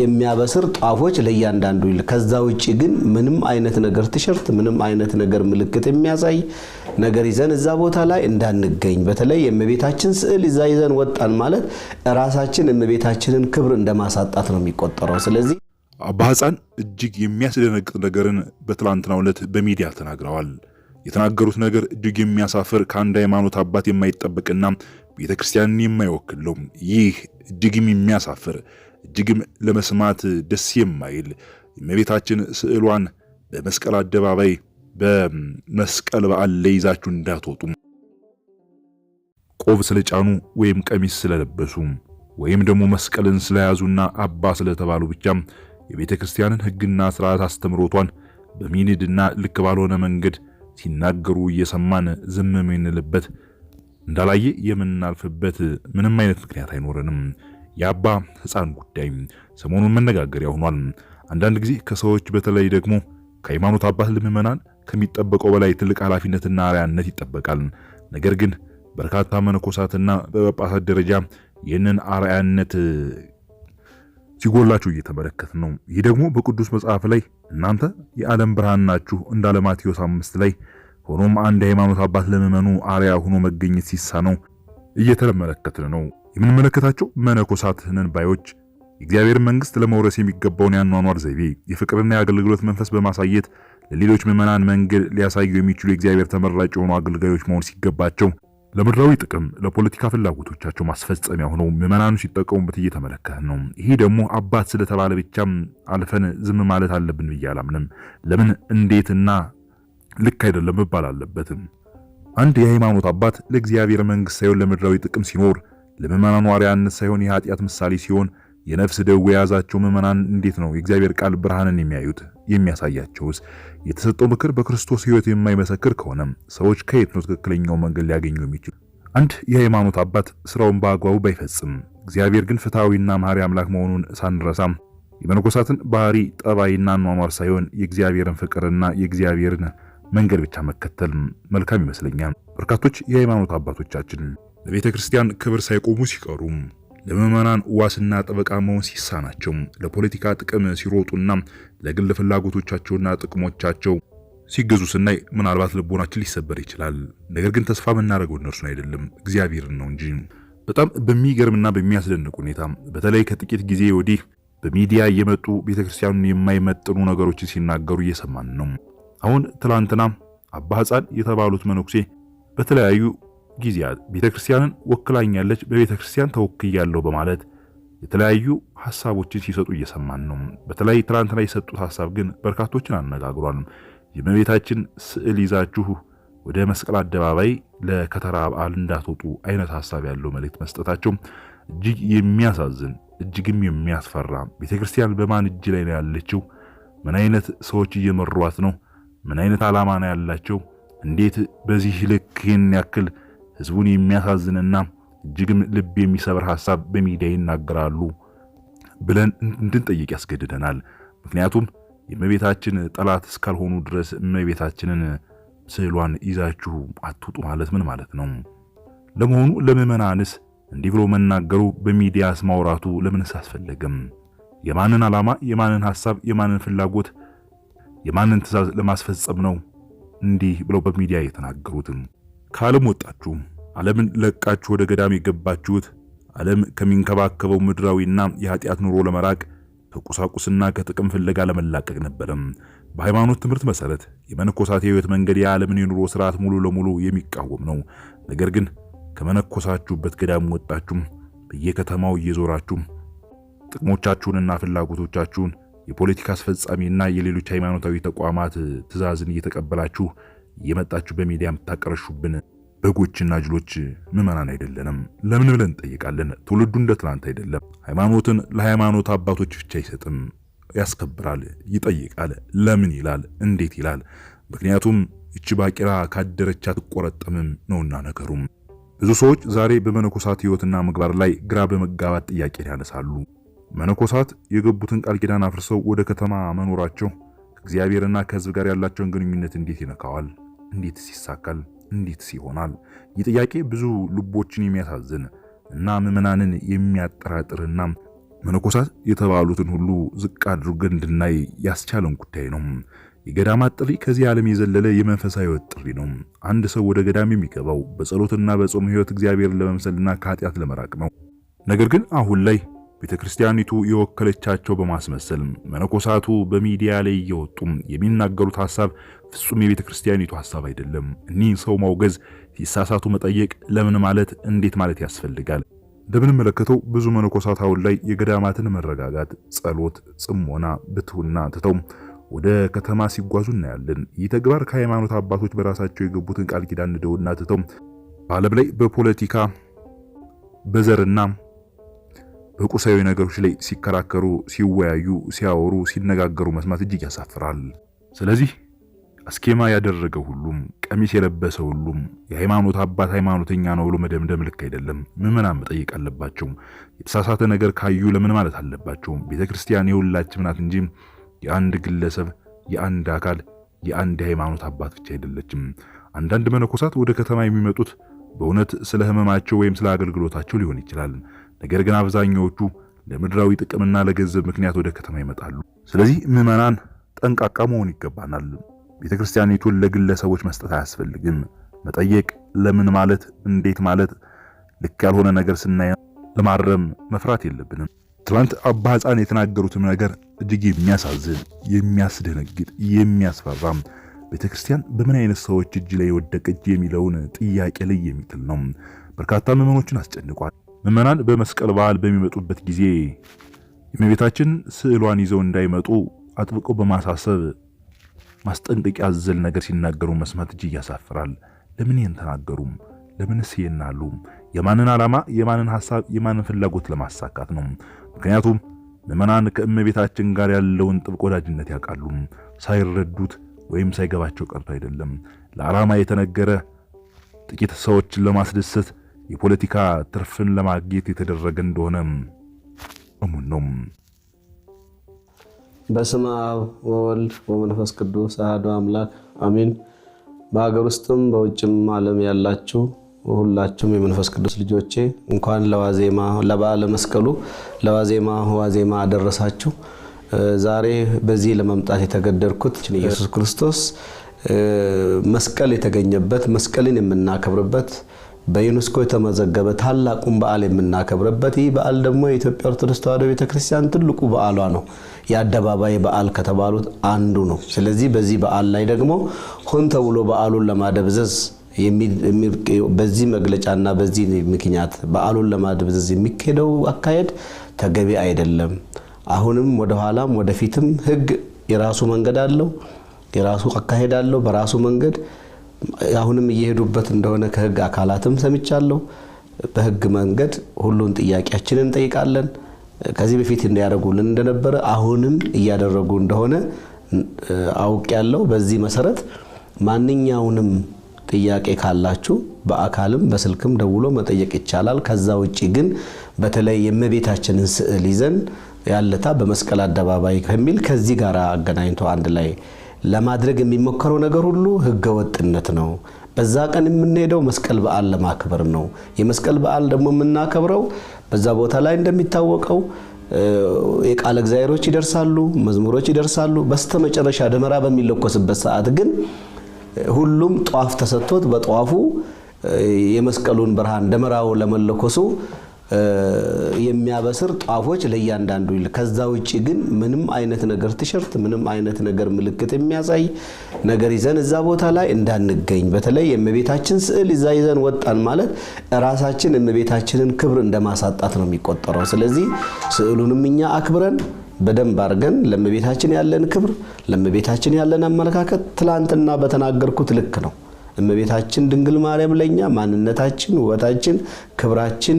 የሚያበስር ጧፎች ለእያንዳንዱ ይል። ከዛ ውጭ ግን ምንም አይነት ነገር ቲሸርት፣ ምንም አይነት ነገር ምልክት የሚያሳይ ነገር ይዘን እዛ ቦታ ላይ እንዳንገኝ። በተለይ የእመቤታችን ስዕል ይዛ ይዘን ወጣን ማለት ራሳችን የእመቤታችንን ክብር እንደማሳጣት ነው የሚቆጠረው። ስለዚህ አባ ሕፃን እጅግ የሚያስደነግጥ ነገርን በትላንትናው ዕለት በሚዲያ ተናግረዋል። የተናገሩት ነገር እጅግ የሚያሳፍር ከአንድ ሃይማኖት አባት የማይጠበቅና ቤተ ክርስቲያንን ይህ እጅግም የሚያሳፍር እጅግም ለመስማት ደስ የማይል የእመቤታችን ስዕሏን በመስቀል አደባባይ በመስቀል በዓል ላይ ይዛችሁ እንዳትወጡ። ቆብ ስለጫኑ ወይም ቀሚስ ስለለበሱ ወይም ደግሞ መስቀልን ስለያዙና አባ ስለተባሉ ብቻ የቤተ ክርስቲያንን ሕግና ስርዓት አስተምሮቷን በሚንድና ልክ ባልሆነ መንገድ ሲናገሩ እየሰማን ዝም የምንልበት እንዳላየ የምናልፍበት ምንም አይነት ምክንያት አይኖረንም። የአባ ህፃን ጉዳይ ሰሞኑን መነጋገሪያ ሆኗል። አንዳንድ ጊዜ ከሰዎች በተለይ ደግሞ ከሃይማኖት አባት ልምዕመናን ከሚጠበቀው በላይ ትልቅ ኃላፊነትና አርያነት ይጠበቃል። ነገር ግን በርካታ መነኮሳትና በጳጳሳት ደረጃ ይህንን አርያነት ሲጎላችሁ እየተመለከት ነው። ይህ ደግሞ በቅዱስ መጽሐፍ ላይ እናንተ የዓለም ብርሃን ናችሁ እንዳለ ማቴዎስ አምስት ላይ ሆኖም አንድ የሃይማኖት አባት ለምዕመኑ አርያ ሆኖ መገኘት ነው እየተመለከትን ነው። የምንመለከታቸው መነኮሳት ነን ባዮች የእግዚአብሔር መንግስት ለመውረስ የሚገባውን ያኗኗር ዘይቤ የፍቅርና የአገልግሎት መንፈስ በማሳየት ለሌሎች ምዕመናን መንገድ ሊያሳዩ የሚችሉ የእግዚአብሔር ተመራጭ የሆኑ አገልጋዮች መሆን ሲገባቸው ለምድራዊ ጥቅም ለፖለቲካ ፍላጎቶቻቸው ማስፈጸሚያ ሆነው ምዕመናኑ ሲጠቀሙበት እየተመለከትን ነው። ይሄ ደግሞ አባት ስለተባለ ብቻም አልፈን ዝም ማለት አለብን ብዬ አላምንም። ለምን እንዴትና ልክ አይደለም መባል አለበትም። አንድ የሃይማኖት አባት ለእግዚአብሔር መንግስት ሳይሆን ለምድራዊ ጥቅም ሲኖር ለምዕመናኑ አርአያነት ሳይሆን የኃጢአት ምሳሌ ሲሆን የነፍስ ደዌ የያዛቸው ምዕመናን እንዴት ነው የእግዚአብሔር ቃል ብርሃንን የሚያዩት? የሚያሳያቸውስ? የተሰጠው ምክር በክርስቶስ ሕይወት የማይመሰክር ከሆነም ሰዎች ከየት ነው ትክክለኛው መንገድ ሊያገኙ የሚችሉ? አንድ የሃይማኖት አባት ስራውን በአግባቡ ባይፈጽም እግዚአብሔር ግን ፍትሐዊና መሐሪ አምላክ መሆኑን ሳንረሳም የመነኮሳትን ባህሪ ጠባይና ኗኗር ሳይሆን የእግዚአብሔርን ፍቅርና የእግዚአብሔርን መንገድ ብቻ መከተል መልካም ይመስለኛል። በርካቶች የሃይማኖት አባቶቻችን ለቤተ ክርስቲያን ክብር ሳይቆሙ ሲቀሩ ለምዕመናን ዋስና ጠበቃ መሆን ሲሳናቸው ለፖለቲካ ጥቅም ሲሮጡና ለግል ፍላጎቶቻቸውና ጥቅሞቻቸው ሲገዙ ስናይ ምናልባት ልቦናችን ሊሰበር ይችላል። ነገር ግን ተስፋ የምናደርገው እነርሱን አይደለም እግዚአብሔርን ነው እንጂ። በጣም በሚገርምና በሚያስደንቅ ሁኔታ በተለይ ከጥቂት ጊዜ ወዲህ በሚዲያ እየመጡ ቤተክርስቲያኑን የማይመጥኑ ነገሮችን ሲናገሩ እየሰማን ነው። አሁን ትላንትና አባ ሕፃን የተባሉት መነኩሴ በተለያዩ ጊዜያት ቤተ ክርስቲያንን ወክላኛለች፣ በቤተ ክርስቲያን ተወክያለሁ በማለት የተለያዩ ሀሳቦችን ሲሰጡ እየሰማን ነው። በተለይ ትናንትና የሰጡት ሀሳብ ግን በርካቶችን አነጋግሯል። የእመቤታችን ስዕል ይዛችሁ ወደ መስቀል አደባባይ ለከተራ በዓል እንዳትወጡ አይነት ሀሳብ ያለው መልእክት መስጠታቸው እጅግ የሚያሳዝን እጅግም የሚያስፈራ ቤተ ክርስቲያን በማን እጅ ላይ ነው ያለችው? ምን አይነት ሰዎች እየመሯት ነው? ምን አይነት ዓላማ ነው ያላቸው? እንዴት በዚህ ልክ ይህን ያክል ህዝቡን የሚያሳዝንና እጅግም ልብ የሚሰብር ሐሳብ በሚዲያ ይናገራሉ ብለን እንድንጠይቅ ያስገድደናል። ምክንያቱም የእመቤታችን ጠላት እስካልሆኑ ድረስ እመቤታችንን ስዕሏን ይዛችሁ አትውጡ ማለት ምን ማለት ነው? ለመሆኑ ለምዕመናንስ እንዲህ ብሎ መናገሩ በሚዲያስ ማውራቱ ለምንስ አስፈለገም? የማንን ዓላማ፣ የማንን ሐሳብ፣ የማንን ፍላጎት፣ የማንን ትእዛዝ ለማስፈጸም ነው እንዲህ ብለው በሚዲያ የተናገሩትም? ከዓለም ወጣችሁም ዓለምን ለቃችሁ ወደ ገዳም የገባችሁት ዓለም ከሚንከባከበው ምድራዊና የኃጢአት ኑሮ ለመራቅ ከቁሳቁስና ከጥቅም ፍለጋ ለመላቀቅ ነበረም። በሃይማኖት ትምህርት መሰረት የመነኮሳት የህይወት መንገድ የዓለምን የኑሮ ስርዓት ሙሉ ለሙሉ የሚቃወም ነው። ነገር ግን ከመነኮሳችሁበት ገዳም ወጣችሁም በየከተማው እየዞራችሁም ጥቅሞቻችሁንና ፍላጎቶቻችሁን የፖለቲካ አስፈጻሚና የሌሎች ሃይማኖታዊ ተቋማት ትዕዛዝን እየተቀበላችሁ እየመጣችሁ በሚዲያ የምታቀረሹብን በጎችና ጅሎች ምዕመናን አይደለንም። ለምን ብለን እንጠይቃለን። ትውልዱ እንደ ትናንት አይደለም። ሃይማኖትን ለሃይማኖት አባቶች ብቻ አይሰጥም፣ ያስከብራል፣ ይጠይቃል። ለምን ይላል፣ እንዴት ይላል። ምክንያቱም ይቺ ባቂራ ካደረች አትቆረጠምም ነውና ነገሩም። ብዙ ሰዎች ዛሬ በመነኮሳት ህይወትና ምግባር ላይ ግራ በመጋባት ጥያቄን ያነሳሉ። መነኮሳት የገቡትን ቃል ኪዳን አፍርሰው ወደ ከተማ መኖራቸው እግዚአብሔርና ከህዝብ ጋር ያላቸውን ግንኙነት እንዴት ይነካዋል? እንዴትስ ይሳካል? እንዴትስ ይሆናል? ይህ ጥያቄ ብዙ ልቦችን የሚያሳዝን እና ምዕመናንን የሚያጠራጥርና መነኮሳት የተባሉትን ሁሉ ዝቅ አድርገን እንድናይ ያስቻለን ጉዳይ ነው። የገዳማት ጥሪ ከዚህ ዓለም የዘለለ የመንፈሳዊ ህይወት ጥሪ ነው። አንድ ሰው ወደ ገዳም የሚገባው በጸሎትና በጾም ህይወት እግዚአብሔርን ለመምሰልና ከኃጢአት ለመራቅ ነው። ነገር ግን አሁን ላይ ቤተ ክርስቲያኒቱ የወከለቻቸው በማስመሰል መነኮሳቱ በሚዲያ ላይ እየወጡ የሚናገሩት ሐሳብ ፍጹም የቤተ ክርስቲያኒቱ ሐሳብ አይደለም። እኒህ ሰው ማውገዝ፣ ሲሳሳቱ መጠየቅ፣ ለምን ማለት እንዴት ማለት ያስፈልጋል። እንደምንመለከተው ብዙ መነኮሳት አሁን ላይ የገዳማትን መረጋጋት፣ ጸሎት፣ ጽሞና፣ ብትውና ትተው ወደ ከተማ ሲጓዙ እናያለን። ይህ ተግባር ከሃይማኖት አባቶች በራሳቸው የገቡትን ቃል ኪዳን ንደውና ትተው በዓለም ላይ በፖለቲካ በዘርና በቁሳዊ ነገሮች ላይ ሲከራከሩ፣ ሲወያዩ፣ ሲያወሩ፣ ሲነጋገሩ መስማት እጅግ ያሳፍራል። ስለዚህ አስኬማ ያደረገ ሁሉም ቀሚስ የለበሰ ሁሉም የሃይማኖት አባት ሃይማኖተኛ ነው ብሎ መደምደም ልክ አይደለም። ምዕመናን መጠየቅ አለባቸው። የተሳሳተ ነገር ካዩ ለምን ማለት አለባቸው? ቤተ ክርስቲያን የሁላችም ናት እንጂ የአንድ ግለሰብ፣ የአንድ አካል፣ የአንድ የሃይማኖት አባት ብቻ አይደለችም። አንዳንድ መነኮሳት ወደ ከተማ የሚመጡት በእውነት ስለ ህመማቸው ወይም ስለ አገልግሎታቸው ሊሆን ይችላል። ነገር ግን አብዛኛዎቹ ለምድራዊ ጥቅምና ለገንዘብ ምክንያት ወደ ከተማ ይመጣሉ። ስለዚህ ምዕመናን ጠንቃቃ መሆን ይገባናል። ቤተ ክርስቲያኒቱን ለግለሰቦች መስጠት አያስፈልግም። መጠየቅ፣ ለምን ማለት፣ እንዴት ማለት፣ ልክ ያልሆነ ነገር ስናይ ለማረም መፍራት የለብንም። ትላንት አባ ሕፃን የተናገሩትም ነገር እጅግ የሚያሳዝን፣ የሚያስደነግጥ፣ የሚያስፈራም ቤተ ክርስቲያን በምን አይነት ሰዎች እጅ ላይ ወደቀች የሚለውን ጥያቄ ላይ የሚጥል ነው። በርካታ ምዕመኖችን አስጨንቋል። ምዕመናን በመስቀል በዓል በሚመጡበት ጊዜ የእመቤታችን ስዕሏን ይዘው እንዳይመጡ አጥብቀው በማሳሰብ ማስጠንቀቂያ አዘል ነገር ሲናገሩ መስማት እጅግ ያሳፍራል። ለምን ይህን ተናገሩም? ለምንስ ይህን አሉ? የማንን ዓላማ፣ የማንን ሐሳብ፣ የማንን ፍላጎት ለማሳካት ነው? ምክንያቱም ምዕመናን ከእመቤታችን ጋር ያለውን ጥብቅ ወዳጅነት ያውቃሉ። ሳይረዱት ወይም ሳይገባቸው ቀርቶ አይደለም። ለዓላማ የተነገረ ጥቂት ሰዎችን ለማስደሰት የፖለቲካ ትርፍን ለማግኘት የተደረገ እንደሆነ እሙን ነው። በስመ አብ ወወልድ ወመንፈስ ቅዱስ አሐዱ አምላክ አሜን። በሀገር ውስጥም በውጭም ዓለም ያላችሁ ሁላችሁም የመንፈስ ቅዱስ ልጆቼ እንኳን ለዋዜማ ለበዓለ መስቀሉ ለዋዜማ ዋዜማ አደረሳችሁ። ዛሬ በዚህ ለመምጣት የተገደድኩት ኢየሱስ ክርስቶስ መስቀል የተገኘበት መስቀልን የምናከብርበት በዩኔስኮ የተመዘገበ ታላቁን በዓል የምናከብርበት ይህ በዓል ደግሞ የኢትዮጵያ ኦርቶዶክስ ተዋሕዶ ቤተክርስቲያን ትልቁ በዓሏ ነው። የአደባባይ በዓል ከተባሉት አንዱ ነው። ስለዚህ በዚህ በዓል ላይ ደግሞ ሆን ተብሎ በዓሉን ለማደብዘዝ በዚህ መግለጫና በዚህ ምክንያት በዓሉን ለማደብዘዝ የሚካሄደው አካሄድ ተገቢ አይደለም። አሁንም ወደኋላም ወደፊትም ሕግ የራሱ መንገድ አለው፣ የራሱ አካሄድ አለው በራሱ መንገድ አሁንም እየሄዱበት እንደሆነ ከህግ አካላትም ሰምቻለሁ። በህግ መንገድ ሁሉን ጥያቄያችንን እንጠይቃለን። ከዚህ በፊት እንዲያደርጉልን እንደነበረ አሁንም እያደረጉ እንደሆነ አውቅ ያለው። በዚህ መሰረት ማንኛውንም ጥያቄ ካላችሁ በአካልም በስልክም ደውሎ መጠየቅ ይቻላል። ከዛ ውጭ ግን በተለይ የእመቤታችንን ስዕል ይዘን ያለታ በመስቀል አደባባይ ከሚል ከዚህ ጋር አገናኝቶ አንድ ላይ ለማድረግ የሚሞከረው ነገር ሁሉ ህገወጥነት ነው። በዛ ቀን የምንሄደው መስቀል በዓል ለማክበር ነው። የመስቀል በዓል ደግሞ የምናከብረው በዛ ቦታ ላይ እንደሚታወቀው የቃለ እግዚአብሔሮች ይደርሳሉ፣ መዝሙሮች ይደርሳሉ። በስተመጨረሻ ደመራ በሚለኮስበት ሰዓት ግን ሁሉም ጧፍ ተሰጥቶት በጧፉ የመስቀሉን ብርሃን ደመራው ለመለኮሱ የሚያበስር ጧፎች ለእያንዳንዱ ይል። ከዛ ውጭ ግን ምንም አይነት ነገር ቲሸርት፣ ምንም አይነት ነገር ምልክት የሚያሳይ ነገር ይዘን እዛ ቦታ ላይ እንዳንገኝ። በተለይ የእመቤታችን ስዕል ይዛ ይዘን ወጣን ማለት ራሳችን የእመቤታችንን ክብር እንደማሳጣት ነው የሚቆጠረው። ስለዚህ ስዕሉንም እኛ አክብረን በደንብ አድርገን ለእመቤታችን ያለን ክብር፣ ለእመቤታችን ያለን አመለካከት ትላንትና በተናገርኩት ልክ ነው። እመቤታችን ድንግል ማርያም ለኛ ማንነታችን፣ ውበታችን፣ ክብራችን፣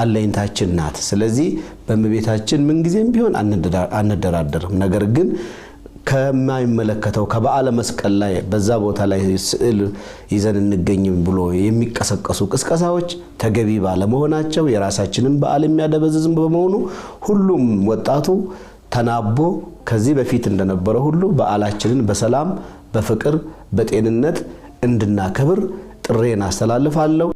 አለኝታችን ናት። ስለዚህ በእመቤታችን ምንጊዜም ቢሆን አንደራደርም። ነገር ግን ከማይመለከተው ከበዓለ መስቀል ላይ በዛ ቦታ ላይ ስዕል ይዘን እንገኝም ብሎ የሚቀሰቀሱ ቅስቀሳዎች ተገቢ ባለመሆናቸው የራሳችንን በዓል የሚያደበዝዝም በመሆኑ ሁሉም ወጣቱ ተናቦ ከዚህ በፊት እንደነበረ ሁሉ በዓላችንን በሰላም በፍቅር በጤንነት እንድናከብር ጥሬን አስተላልፋለሁ።